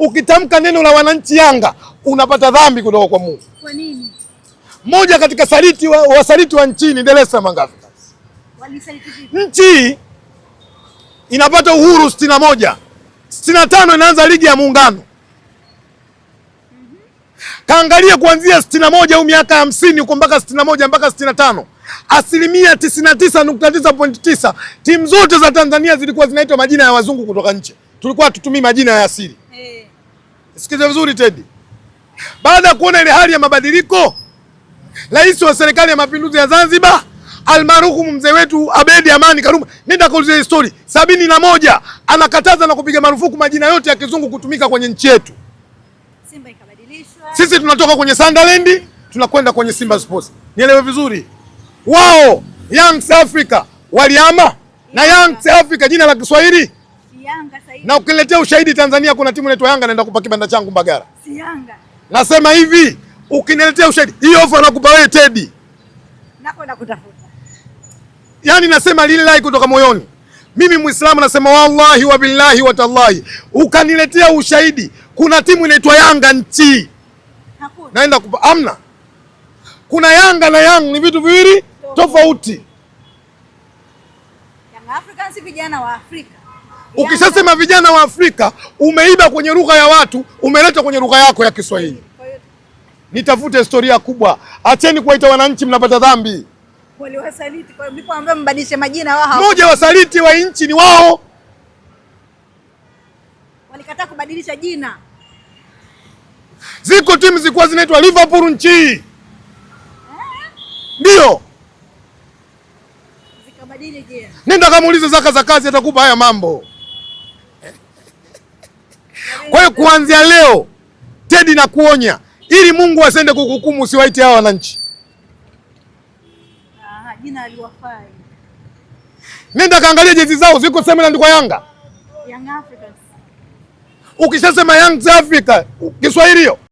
Ukitamka neno la wananchi Yanga unapata dhambi kutoka kwa Mungu. Kwa nini? Mmoja katika saliti wa, wasaliti wa nchini Dar es Salaam ngapi? Nchi inapata uhuru sitini na moja sitini na tano inaanza ligi ya muungano mhm. Kaangalia kuanzia sitini na moja au miaka hamsini huko mpaka sitini na moja mpaka sitini na tano asilimia tisini na tisa nukta tisa point tisa timu zote za Tanzania zilikuwa zinaitwa majina ya wazungu kutoka nje. Tulikuwa hatutumii majina ya asili hey. Eh. Sikiliza vizuri Teddy. Baada ya kuona ile hali ya mabadiliko, Rais wa Serikali ya Mapinduzi ya Zanzibar almarhum mzee wetu Abedi Amani Karume, nenda kaulizia hii story. sabini na moja anakataza na kupiga marufuku majina yote ya kizungu kutumika kwenye nchi yetu. Simba ikabadilishwa. Sisi tunatoka kwenye Sunderland tunakwenda kwenye Simba Sports. Nielewe vizuri, wao Young Africa waliama na Young Africa jina la Kiswahili Yanga sahihi. Na ukiletea ushahidi Tanzania kuna timu inaitwa Yanga naenda kupa kibanda changu Mbagara. Si Yanga. Nasema hivi, ukiniletea ushahidi hiyo ofa nakupa wewe Teddy. Nakwenda kutafuta. Yaani nasema lillahi kutoka moyoni. Mimi Muislamu nasema wallahi wa billahi wa tallahi. Ukaniletea ushahidi kuna timu inaitwa Yanga nchi. Hakuna. Naenda kupa amna. Kuna Yanga na Yang ni vitu viwili tofauti. Yanga Africans vijana wa Afrika. Ukishasema vijana wa Afrika umeiba kwenye lugha ya watu, umeleta kwenye lugha yako ya Kiswahili. Nitafute historia kubwa. Acheni kuwaita wananchi mnapata dhambi. Waliwasaliti kwa mlipo ambao mbadilishe majina wao. Moja wasaliti wa nchi ni wao. Walikataa kubadilisha jina. Ziko timu zilikuwa zinaitwa Liverpool nchi Ndio. Zikabadili jina. Nenda kamuulize zaka za kazi atakupa haya mambo. Kwa hiyo kuanzia leo Tedi na kuonya ili Mungu asende kukuhukumu, usiwaite hawa wananchi jina aliwafai. Nenda kaangalia jezi zao ziko sema ndiko Yanga Young Africans. Ukishasema Young Africa Kiswahili hiyo